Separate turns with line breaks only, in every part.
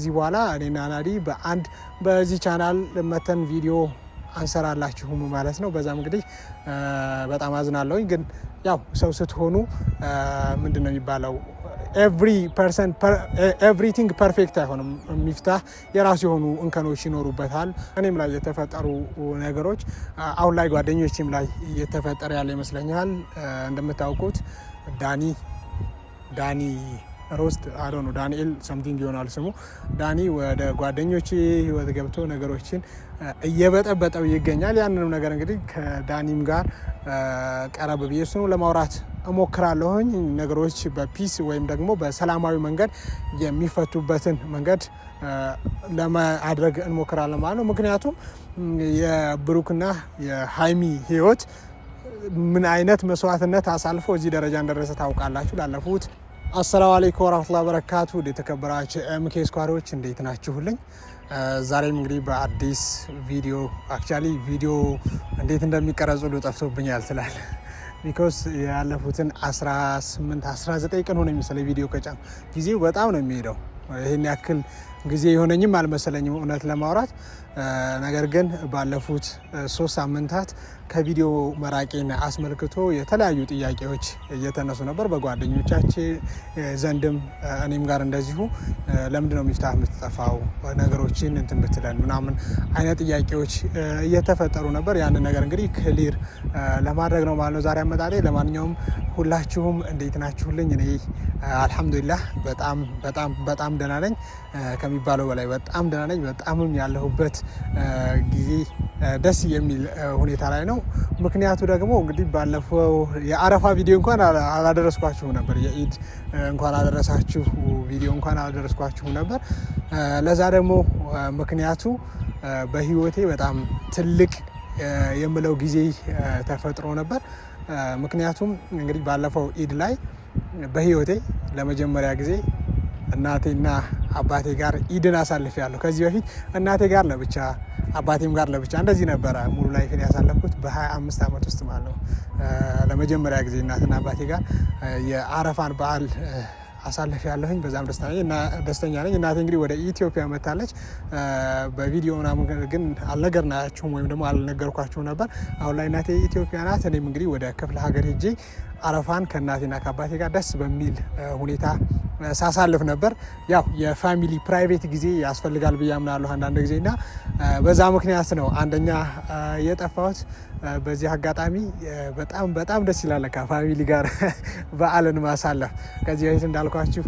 ከዚህ በኋላ እኔና ናዲ በአንድ በዚህ ቻናል መተን ቪዲዮ አንሰራላችሁም ማለት ነው። በዛም እንግዲህ በጣም አዝናለሁኝ። ግን ያው ሰው ስትሆኑ ምንድን ነው የሚባለው ኤቭሪ ፐርሰን ኤቭሪቲንግ ፐርፌክት አይሆንም። የሚፍታህ የራሱ የሆኑ እንከኖች ይኖሩበታል። እኔም ላይ የተፈጠሩ ነገሮች አሁን ላይ ጓደኞችም ላይ እየተፈጠረ ያለ ይመስለኛል። እንደምታውቁት ዳኒ ዳኒ ሮስት አለ ነው ዳንኤል ሰምቲንግ ይሆናል ስሙ። ዳኒ ወደ ጓደኞች ህይወት ገብቶ ነገሮችን እየበጠበጠው ይገኛል። ያንንም ነገር እንግዲህ ከዳኒም ጋር ቀረብ ብዬ ለማውራት እሞክራለሁኝ። ነገሮች በፒስ ወይም ደግሞ በሰላማዊ መንገድ የሚፈቱበትን መንገድ ለማድረግ እንሞክራለን ማለት ነው። ምክንያቱም የብሩክና የሀይሚ ህይወት ምን አይነት መስዋዕትነት አሳልፎ እዚህ ደረጃ እንደደረሰ ታውቃላችሁ ላለፉት አሰላሙ አለይኩም ወራህመቱላሂ ወበረካቱ። ተከበራችሁ ኤምኬ ስኳሮች እንዴት ናችሁልኝ? ዛሬም እንግዲህ በአዲስ ቪዲዮ አክቹአሊ ቪዲዮ እንዴት እንደሚቀረጹ ሁሉ ጠፍቶብኛል ስላለ ቢኮዝ ያለፉትን 18 19 ቀን ሆነ የሚመስለኝ ቪዲዮ ከጫም ጊዜው በጣም ነው የሚሄደው። ይህን ያክል ጊዜ የሆነኝም አልመሰለኝም እውነት ለማውራት ነገር ግን ባለፉት ሶስት ሳምንታት ከቪዲዮ መራቄን አስመልክቶ የተለያዩ ጥያቄዎች እየተነሱ ነበር በጓደኞቻችን ዘንድም እኔም ጋር እንደዚሁ ለምንድን ነው ሚፍታህ የምትጠፋው ነገሮችን እንትን ምናምን አይነት ጥያቄዎች እየተፈጠሩ ነበር ያንን ነገር እንግዲህ ክሊር ለማድረግ ነው ማለት ነው ዛሬ አመጣጤ ለማንኛውም ሁላችሁም እንዴት ናችሁልኝ እኔ አልሐምዱሊላህ በጣም በጣም በጣም ደህና ነኝ ከሚባለው በላይ በጣም ደህና ነኝ። በጣምም ያለሁበት ጊዜ ደስ የሚል ሁኔታ ላይ ነው። ምክንያቱ ደግሞ እንግዲህ ባለፈው የአረፋ ቪዲዮ እንኳን አላደረስኳችሁም ነበር። የኢድ እንኳን አደረሳችሁ ቪዲዮ እንኳን አላደረስኳችሁም ነበር። ለዛ ደግሞ ምክንያቱ በህይወቴ በጣም ትልቅ የምለው ጊዜ ተፈጥሮ ነበር። ምክንያቱም እንግዲህ ባለፈው ኢድ ላይ በህይወቴ ለመጀመሪያ ጊዜ እናቴና አባቴ ጋር ኢድን አሳልፍ ያለሁ። ከዚህ በፊት እናቴ ጋር ለብቻ አባቴም ጋር ለብቻ እንደዚህ ነበረ ሙሉ ላይፍን ያሳለፍኩት በ25 ዓመት ውስጥ ማለት ነው። ለመጀመሪያ ጊዜ እናትና አባቴ ጋር የአረፋን በዓል አሳልፍ ያለሁኝ በዛም ደስተኛ ነኝ። እናቴ እንግዲህ ወደ ኢትዮጵያ መታለች። በቪዲዮ ምናምን ግን አልነገርናችሁም ወይም ደግሞ አልነገርኳችሁም ነበር። አሁን ላይ እናቴ ኢትዮጵያ ናት። እኔም እንግዲህ ወደ ክፍለ ሀገር ሄጄ አረፋን ከእናቴና ከአባቴ ጋር ደስ በሚል ሁኔታ ሳሳልፍ ነበር። ያው የፋሚሊ ፕራይቬት ጊዜ ያስፈልጋል ብዬ አምናለሁ አንዳንድ ጊዜ እና በዛ ምክንያት ነው አንደኛ የጠፋሁት። በዚህ አጋጣሚ በጣም በጣም ደስ ይላል ከፋሚሊ ጋር በዓልን ማሳለፍ። ከዚህ በፊት እንዳልኳችሁ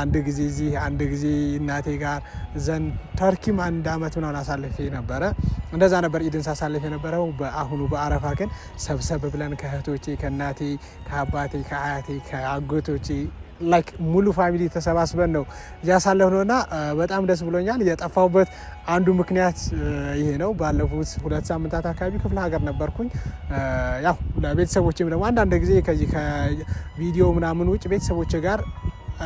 አንድ ጊዜ እዚህ አንድ ጊዜ እናቴ ጋር ዘንድ ተርኪም አንድ አመት ምናምን አሳልፌ ነበረ። እንደዛ ነበር ኢድን ሳሳልፍ የነበረው። በአሁኑ በአረፋ ግን ሰብሰብ ብለን ከእህቶቼ፣ ከእናቴ፣ ከአባቴ፣ ከአያቴ፣ ከአጎቶቼ ላይክ ሙሉ ፋሚሊ ተሰባስበን ነው እያሳለፍ ነው እና በጣም ደስ ብሎኛል። የጠፋሁበት አንዱ ምክንያት ይሄ ነው። ባለፉት ሁለት ሳምንታት አካባቢ ክፍለ ሀገር ነበርኩኝ። ያው ለቤተሰቦችም ደግሞ አንዳንድ ጊዜ ከዚህ ከቪዲዮ ምናምን ውጭ ቤተሰቦች ጋር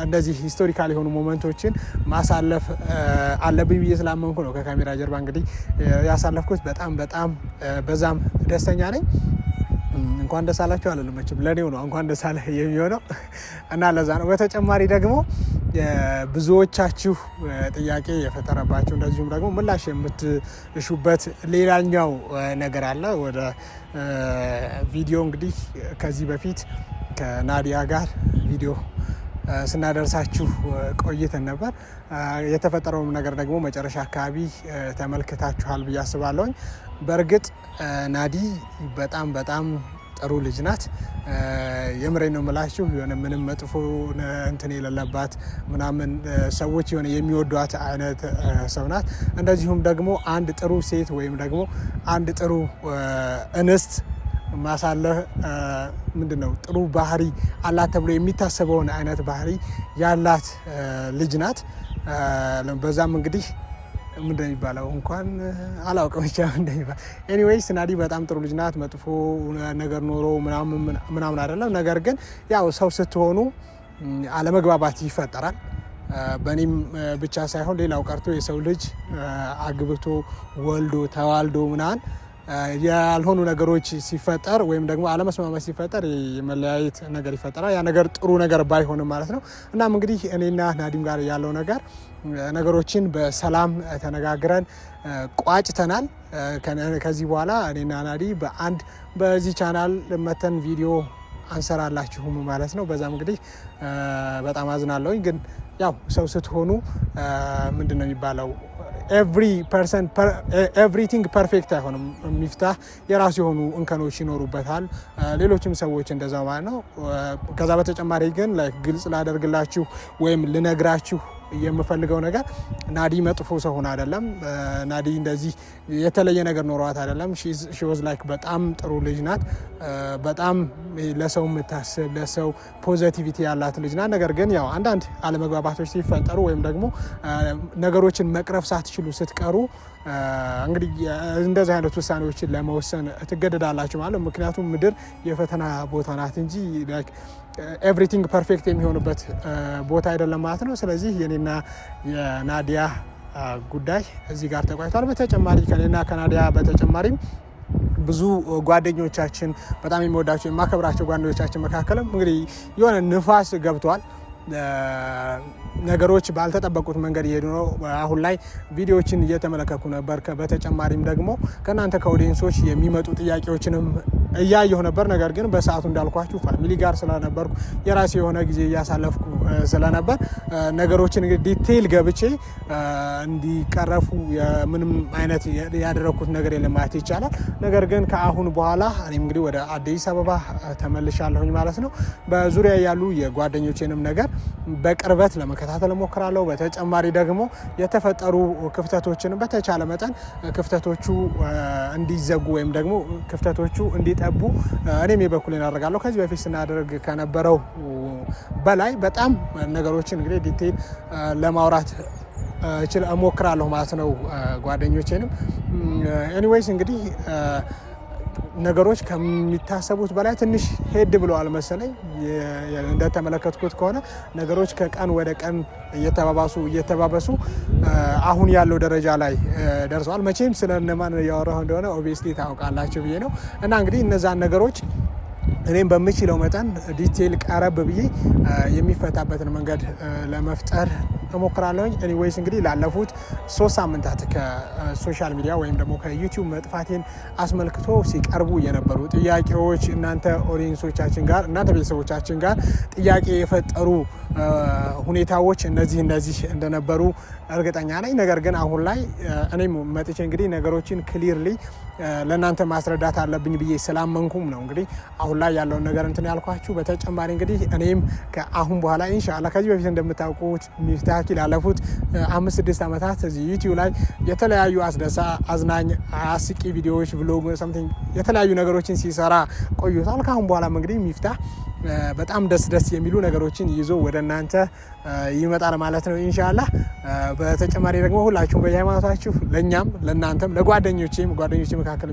እንደዚህ ሂስቶሪካል የሆኑ ሞመንቶችን ማሳለፍ አለብኝ ብዬ ስላመንኩ ነው ከካሜራ ጀርባ እንግዲህ ያሳለፍኩት። በጣም በጣም በዛም ደስተኛ ነኝ። እንኳን ደስ አላችሁ አላልም መቼም ለእኔው ነው እንኳን ደስ አለ የሚሆነው እና ለዛ ነው። በተጨማሪ ደግሞ ብዙዎቻችሁ ጥያቄ የፈጠረባችሁ እንደዚሁም ደግሞ ምላሽ የምትሹበት ሌላኛው ነገር አለ። ወደ ቪዲዮ እንግዲህ ከዚህ በፊት ከናዲያ ጋር ቪዲዮ ስናደርሳችሁ ቆይተን ነበር። የተፈጠረውን ነገር ደግሞ መጨረሻ አካባቢ ተመልክታችኋል ብዬ አስባለሁኝ። በእርግጥ ናዲ በጣም በጣም ጥሩ ልጅ ናት። የምሬ ነው የምላችሁ። የሆነ ምንም መጥፎ እንትን የሌለባት ምናምን ሰዎች የሆነ የሚወዷት አይነት ሰው ናት። እንደዚሁም ደግሞ አንድ ጥሩ ሴት ወይም ደግሞ አንድ ጥሩ እንስት ማሳለህ ምንድን ነው ጥሩ ባህሪ አላት ተብሎ የሚታሰበውን አይነት ባህሪ ያላት ልጅ ናት። በዛም እንግዲህ ምንድነው የሚባለው እንኳን አላውቅም ብቻ እንደሚባል ኤኒዌይስ ናዲ በጣም ጥሩ ልጅ ናት። መጥፎ ነገር ኖሮ ምናምን አይደለም። ነገር ግን ያው ሰው ስትሆኑ አለመግባባት ይፈጠራል። በእኔም ብቻ ሳይሆን ሌላው ቀርቶ የሰው ልጅ አግብቶ ወልዶ ተዋልዶ ምናምን ያልሆኑ ነገሮች ሲፈጠር ወይም ደግሞ አለመስማማት ሲፈጠር የመለያየት ነገር ይፈጠራል። ያ ነገር ጥሩ ነገር ባይሆንም ማለት ነው። እናም እንግዲህ እኔና ናዲም ጋር ያለው ነገር ነገሮችን በሰላም ተነጋግረን ቋጭተናል። ከዚህ በኋላ እኔና ናዲ በአንድ በዚህ ቻናል መተን ቪዲዮ አንሰራላችሁም ማለት ነው። በዛም እንግዲህ በጣም አዝናለሁኝ። ግን ያው ሰው ስትሆኑ ምንድን ነው የሚባለው ፐርሰን ኤቭሪቲንግ ፐርፌክት አይሆንም። ሚፍታህ የራሱ የሆኑ እንከኖች ይኖሩበታል። ሌሎችም ሰዎች እንደዛ ማለት ነው። ከዛ በተጨማሪ ግን ግልጽ ላደርግላችሁ ወይም ልነግራችሁ የምፈልገው ነገር ናዲ መጥፎ ሰው አይደለም። ናዲ እንደዚህ የተለየ ነገር ኖሯት አይደለም። ሺ ወዝ ላይክ በጣም ጥሩ ልጅ ናት። በጣም ለሰው የምታስብ ለሰው ፖዘቲቪቲ ያላት ልጅ ናት። ነገር ግን ያው አንዳንድ አለመግባባቶች ሲፈጠሩ ወይም ደግሞ ነገሮችን መቅረፍ ሳትችሉ ስትቀሩ እንግዲህ እንደዚህ አይነት ውሳኔዎችን ለመወሰን ትገደዳላችሁ ማለት ምክንያቱም ምድር የፈተና ቦታ ናት እንጂ ኤቭሪቲንግ ፐርፌክት የሚሆንበት ቦታ አይደለም ማለት ነው። ስለዚህ የኔና የናዲያ ጉዳይ እዚህ ጋር ተቋጭቷል። በተጨማሪ ከኔና ከናዲያ በተጨማሪም ብዙ ጓደኞቻችን በጣም የሚወዳቸው የማከብራቸው ጓደኞቻችን መካከልም እንግዲህ የሆነ ንፋስ ገብቷል። ነገሮች ባልተጠበቁት መንገድ እየሄዱ ነው። አሁን ላይ ቪዲዮዎችን እየተመለከኩ ነበር። በተጨማሪም ደግሞ ከእናንተ ከኦዲየንሶች የሚመጡ ጥያቄዎችንም እያየሁ ነበር። ነገር ግን በሰዓቱ እንዳልኳችሁ ፋሚሊ ጋር ስለነበርኩ የራሴ የሆነ ጊዜ እያሳለፍኩ ስለነበር ነገሮችን እንግዲህ ዲቴይል ገብቼ እንዲቀረፉ ምንም አይነት ያደረግኩት ነገር የለም ማለት ይቻላል። ነገር ግን ከአሁን በኋላ እኔም እንግዲህ ወደ አዲስ አበባ ተመልሻለሁኝ ማለት ነው። በዙሪያ ያሉ የጓደኞቼንም ነገር በቅርበት ለመከታተል እሞክራለሁ። በተጨማሪ ደግሞ የተፈጠሩ ክፍተቶችን በተቻለ መጠን ክፍተቶቹ እንዲዘጉ ወይም ደግሞ ክፍተቶቹ እንዲጠቡ እኔም የበኩሌን አደርጋለሁ። ከዚህ በፊት ስናደርግ ከነበረው በላይ በጣም ነገሮችን እንግዲህ ዲቴል ለማውራት እሞክራለሁ ማለት ነው ጓደኞቼንም። ኤኒዌይስ እንግዲህ ነገሮች ከሚታሰቡት በላይ ትንሽ ሄድ ብለዋል መሰለኝ። እንደተመለከትኩት ከሆነ ነገሮች ከቀን ወደ ቀን እየተባባሱ እየተባበሱ አሁን ያለው ደረጃ ላይ ደርሰዋል። መቼም ስለ እነማን እያወራሁ እንደሆነ ኦብቪየስሊ ታውቃላችሁ ብዬ ነው እና እንግዲህ እነዛን ነገሮች እኔም በምችለው መጠን ዲቴይል ቀረብ ብዬ የሚፈታበትን መንገድ ለመፍጠር እሞክራለሁኝ። ኤኒዌይስ እንግዲህ ላለፉት ሶስት ሳምንታት ከሶሻል ሚዲያ ወይም ደግሞ ከዩቲዩብ መጥፋቴን አስመልክቶ ሲቀርቡ የነበሩ ጥያቄዎች እናንተ ኦዲየንሶቻችን ጋር እናንተ ቤተሰቦቻችን ጋር ጥያቄ የፈጠሩ ሁኔታዎች እነዚህ እነዚህ እንደነበሩ እርግጠኛ ነኝ። ነገር ግን አሁን ላይ እኔም መጥቼ እንግዲህ ነገሮችን ክሊርሊ ለእናንተ ማስረዳት አለብኝ ብዬ ስላመንኩም ነው እንግዲህ አሁን ላይ ያለውን ነገር እንትን ያልኳችሁ። በተጨማሪ እንግዲህ እኔም ከአሁን በኋላ ኢንሻላ ከዚህ በፊት እንደምታውቁት ሚፍታ ሻኪ ላለፉት አምስት ስድስት ዓመታት እዚህ ዩቲዩብ ላይ የተለያዩ አስደሳ አዝናኝ አስቂ ቪዲዮዎች ብሎግ ሰምቲንግ የተለያዩ ነገሮችን ሲሰራ ቆይቷል። ካሁን በኋላም እንግዲህ ሚፍታህ በጣም ደስ ደስ የሚሉ ነገሮችን ይዞ ወደ እናንተ ይመጣል ማለት ነው ኢንሻላህ። በተጨማሪ ደግሞ ሁላችሁም በየሃይማኖታችሁ ለእኛም ለእናንተም ለጓደኞቼም ጓደኞቼ መካከል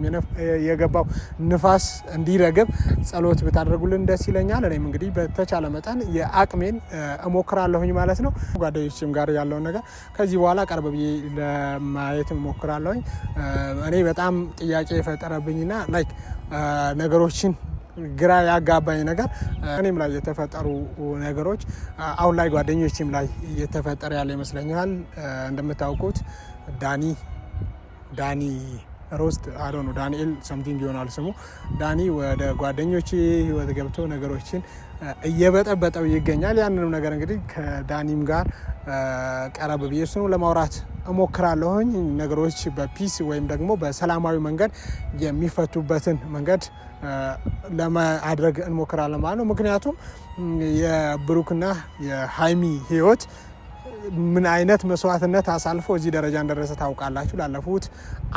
የገባው ንፋስ እንዲረግብ ጸሎት ብታደርጉልን ደስ ይለኛል። እኔም እንግዲህ በተቻለ መጠን የአቅሜን እሞክራለሁኝ ማለት ነው። ጓደኞችም ጋር ያለውን ነገር ከዚህ በኋላ ቀርብ ብዬ ለማየት እሞክራለሁኝ። እኔ በጣም ጥያቄ የፈጠረብኝና ላይክ ነገሮችን ግራ ያጋባኝ ነገር እኔም ላይ የተፈጠሩ ነገሮች አሁን ላይ ጓደኞችም ላይ እየተፈጠረ ያለ ይመስለኛል። እንደምታውቁት ዳኒ ዳኒ ሮስት አዶ ነው ዳንኤል ሰምቲንግ ይሆናል ስሙ። ዳኒ ወደ ጓደኞች ህይወት ገብቶ ነገሮችን እየበጠበጠው ይገኛል። ያንንም ነገር እንግዲህ ከዳኒም ጋር ቀረብ ብዬ ለማውራት እሞክራለሁኝ። ነገሮች በፒስ ወይም ደግሞ በሰላማዊ መንገድ የሚፈቱበትን መንገድ ለማድረግ እንሞክራለን ማለት ነው። ምክንያቱም የብሩክና የሀይሚ ህይወት ምን አይነት መስዋዕትነት አሳልፎ እዚህ ደረጃ እንደደረሰ ታውቃላችሁ። ላለፉት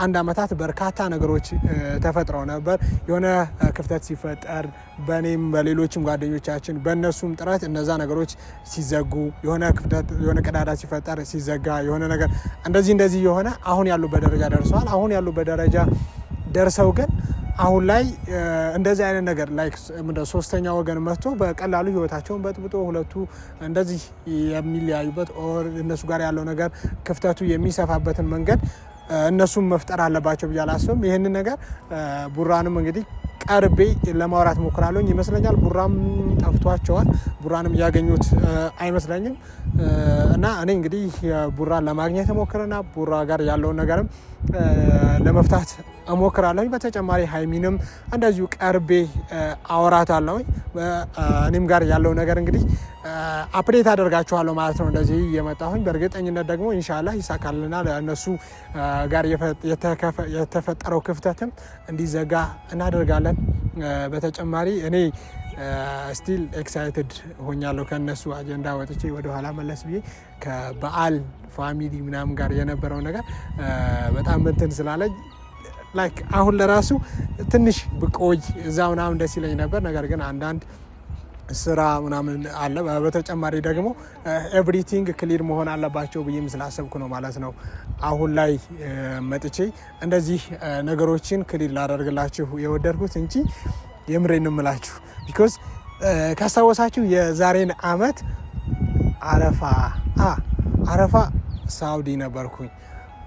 አንድ አመታት በርካታ ነገሮች ተፈጥረው ነበር። የሆነ ክፍተት ሲፈጠር በእኔም በሌሎችም ጓደኞቻችን በእነሱም ጥረት እነዛ ነገሮች ሲዘጉ፣ የሆነ ክፍተት የሆነ ቀዳዳ ሲፈጠር ሲዘጋ፣ የሆነ ነገር እንደዚህ እንደዚህ የሆነ አሁን ያሉበት ደረጃ ደርሰዋል። አሁን ያሉበት ደረጃ ደርሰው ግን አሁን ላይ እንደዚህ አይነት ነገር ሶስተኛ ወገን መጥቶ በቀላሉ ህይወታቸውን በጥብጦ ሁለቱ እንደዚህ የሚለያዩበት ኦር እነሱ ጋር ያለው ነገር ክፍተቱ የሚሰፋበትን መንገድ እነሱም መፍጠር አለባቸው ብዬ አላስብም። ይህንን ነገር ቡራንም እንግዲህ ቀርቤ ለማውራት ሞክራለሁ ይመስለኛል። ቡራም ጠፍቷቸዋል። ቡራንም እያገኙት አይመስለኝም እና እኔ እንግዲህ ቡራን ለማግኘት ሞክርና ቡራ ጋር ያለውን ነገርም ለመፍታት እሞክራለሁኝ። በተጨማሪ ሀይሚንም እንደዚሁ ቀርቤ አወራታለሁኝ። እኔም ጋር ያለው ነገር እንግዲህ አፕዴት አደርጋችኋለሁ ማለት ነው። እንደዚህ እየመጣሁኝ በእርግጠኝነት ደግሞ ኢንሻላ ይሳካልና ለእነሱ ጋር የተፈጠረው ክፍተትም እንዲዘጋ እናደርጋለን። በተጨማሪ እኔ ስቲል ኤክሳይትድ ሆኛለሁ። ከእነሱ አጀንዳ ወጥቼ ወደኋላ መለስ ብዬ ከበዓል ፋሚሊ ምናምን ጋር የነበረው ነገር በጣም እንትን ስላለኝ ላይክ አሁን ለራሱ ትንሽ ብቆይ እዛ ምናምን ደስ ይለኝ ነበር። ነገር ግን አንዳንድ ስራ ምናምን አለ። በተጨማሪ ደግሞ ኤቭሪቲንግ uh, ክሊር መሆን አለባቸው ብዬም ስላሰብኩ ነው ማለት ነው። አሁን ላይ uh, መጥቼ እንደዚህ uh, ነገሮችን ክሊር ላደርግላችሁ የወደድኩት እንጂ የምሬን እምላችሁ ቢኮዝ ካስታወሳችሁ የዛሬን አመት አረፋ አረፋ ሳውዲ ነበርኩኝ።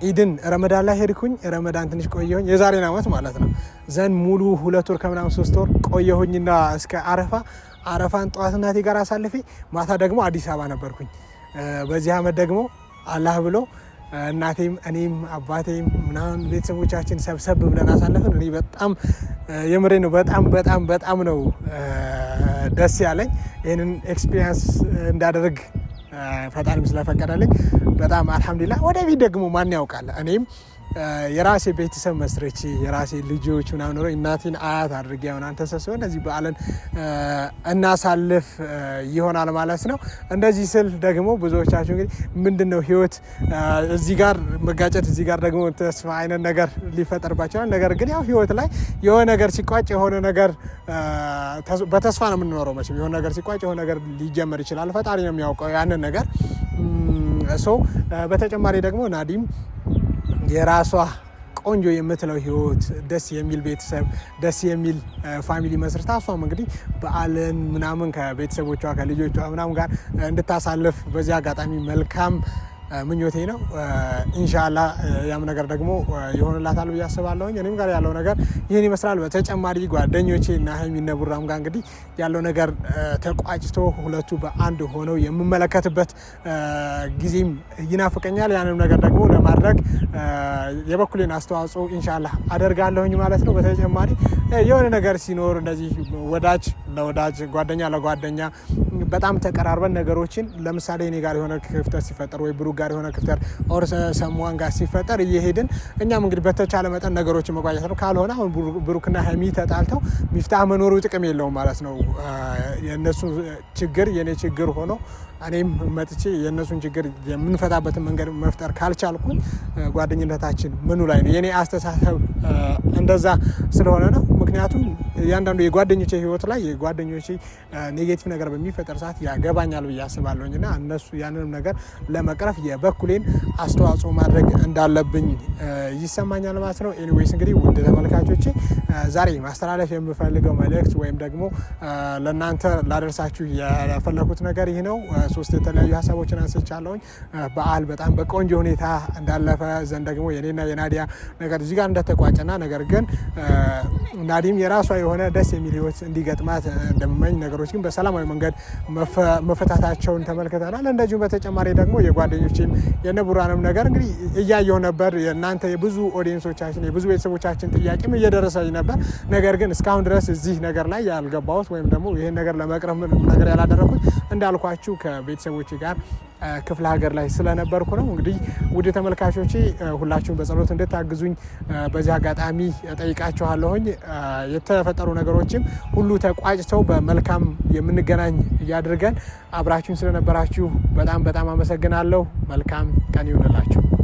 ኢድን ረመዳን ላይ ሄድኩኝ። ረመዳን ትንሽ ቆየሁኝ፣ የዛሬን አመት ማለት ነው ዘንድ ሙሉ ሁለት ወር ከምናምን ሶስት ወር ቆየሁኝና እስከ አረፋ አረፋን ጠዋት እናቴ ጋር አሳልፌ ማታ ደግሞ አዲስ አበባ ነበርኩኝ። በዚህ አመት ደግሞ አላህ ብሎ እናቴም እኔም አባቴም ምናምን ቤተሰቦቻችን ሰብሰብ ብለን አሳለፍን። እኔ በጣም የምሬ ነው በጣም በጣም በጣም ነው ደስ ያለኝ ይህንን ኤክስፒሪየንስ እንዳደርግ ፈጣሪም ስለፈቀደልኝ በጣም አልሐምዱሊላ። ወደፊት ደግሞ ማን ያውቃል እኔም የራሴ ቤተሰብ መስረች የራሴ ልጆች ምናምን ኖሮ እናቴን አያት አድርጌ አሁን አንተ ሰብስበ እነዚህ በዓልን እናሳልፍ ይሆናል ማለት ነው። እንደዚህ ስል ደግሞ ብዙዎቻችሁ እንግዲህ ምንድን ነው ህይወት እዚህ ጋር መጋጨት፣ እዚህ ጋር ደግሞ ተስፋ አይነት ነገር ሊፈጠርባቸዋል። ነገር ግን ያው ህይወት ላይ የሆነ ነገር ሲቋጭ የሆነ ነገር በተስፋ ነው የምንኖረው። መቼም የሆነ ነገር ሲቋጭ የሆነ ነገር ሊጀመር ይችላል። ፈጣሪ ነው የሚያውቀው ያንን ነገር። ሶ በተጨማሪ ደግሞ ናዲም የራሷ ቆንጆ የምትለው ህይወት፣ ደስ የሚል ቤተሰብ፣ ደስ የሚል ፋሚሊ መስርታ እሷም እንግዲህ በዓልን ምናምን ከቤተሰቦቿ ከልጆቿ ምናምን ጋር እንድታሳልፍ በዚህ አጋጣሚ መልካም ምኞቴ ነው። ኢንሻላ ያም ነገር ደግሞ ይሆንላታል ብዬ አስባለሁኝ። እኔም ጋር ያለው ነገር ይህን ይመስላል። በተጨማሪ ጓደኞቼ እና ሀይሚና ቡራም ጋር እንግዲህ ያለው ነገር ተቋጭቶ ሁለቱ በአንድ ሆነው የምመለከትበት ጊዜም ይናፍቀኛል። ያንም ነገር ደግሞ ለማድረግ የበኩሌን አስተዋጽኦ ኢንሻላ አደርጋለሁኝ ማለት ነው። በተጨማሪ የሆነ ነገር ሲኖር እንደዚህ ወዳጅ ለወዳጅ ጓደኛ ለጓደኛ በጣም ተቀራርበን ነገሮችን ለምሳሌ እኔ ጋር የሆነ ክፍተት ሲፈጠር ወይ ብሩክ ጋር የሆነ ክፍተት ኦር ሰሙዋን ጋር ሲፈጠር እየሄድን እኛም እንግዲህ በተቻለ መጠን ነገሮችን መቋጨት ነው። ካልሆነ አሁን ብሩክና ሀሚ ተጣልተው ሚፍታህ መኖሩ ጥቅም የለውም ማለት ነው። የእነሱ ችግር የእኔ ችግር ሆኖ እኔም መጥቼ የእነሱን ችግር የምንፈታበትን መንገድ መፍጠር ካልቻልኩኝ ጓደኝነታችን ምኑ ላይ ነው? የእኔ አስተሳሰብ እንደዛ ስለሆነ ነው። ምክንያቱም እያንዳንዱ የጓደኞች ህይወት ላይ የጓደኞች ኔጌቲቭ ነገር በሚፈጠር ሰዓት ያገባኛል ብዬ አስባለሁኝ እና እነሱ ያንንም ነገር ለመቅረፍ የበኩሌን አስተዋጽኦ ማድረግ እንዳለብኝ ይሰማኛል ማለት ነው። ኤኒዌይስ እንግዲህ ውድ ተመልካቾች ዛሬ ማስተላለፍ የምፈልገው መልእክት ወይም ደግሞ ለእናንተ ላደርሳችሁ የፈለኩት ነገር ይህ ነው። ሶስት የተለያዩ ሀሳቦችን አንስቻለሁኝ። በዓል በጣም በቆንጆ ሁኔታ እንዳለፈ ዘንድ ደግሞ የኔና የናዲያ ነገር እዚህ ጋር እንደተቋጨና ነገር ግን አዲም የራሷ የሆነ ደስ የሚል ህይወት እንዲገጥማት እንደምመኝ ነገሮች ግን በሰላማዊ መንገድ መፈታታቸውን ተመልክተናል። እንደዚሁም በተጨማሪ ደግሞ የጓደኞችም የነቡራንም ነገር እንግዲህ እያየሁ ነበር። እናንተ የብዙ ኦዲየንሶቻችን የብዙ ቤተሰቦቻችን ጥያቄም እየደረሰኝ ነበር። ነገር ግን እስካሁን ድረስ እዚህ ነገር ላይ ያልገባሁት ወይም ደግሞ ይህን ነገር ምንም ነገር ያላደረኩት እንዳልኳችሁ ከቤተሰቦች ጋር ክፍለ ሀገር ላይ ስለነበርኩ ነው። እንግዲህ ውድ ተመልካቾቼ ሁላችሁም በጸሎት እንድታግዙኝ በዚህ አጋጣሚ ጠይቃችኋለሁኝ። የተፈጠሩ ነገሮችም ሁሉ ተቋጭተው በመልካም የምንገናኝ እያድርገን። አብራችሁን ስለነበራችሁ በጣም በጣም አመሰግናለሁ። መልካም ቀን ይሁንላችሁ።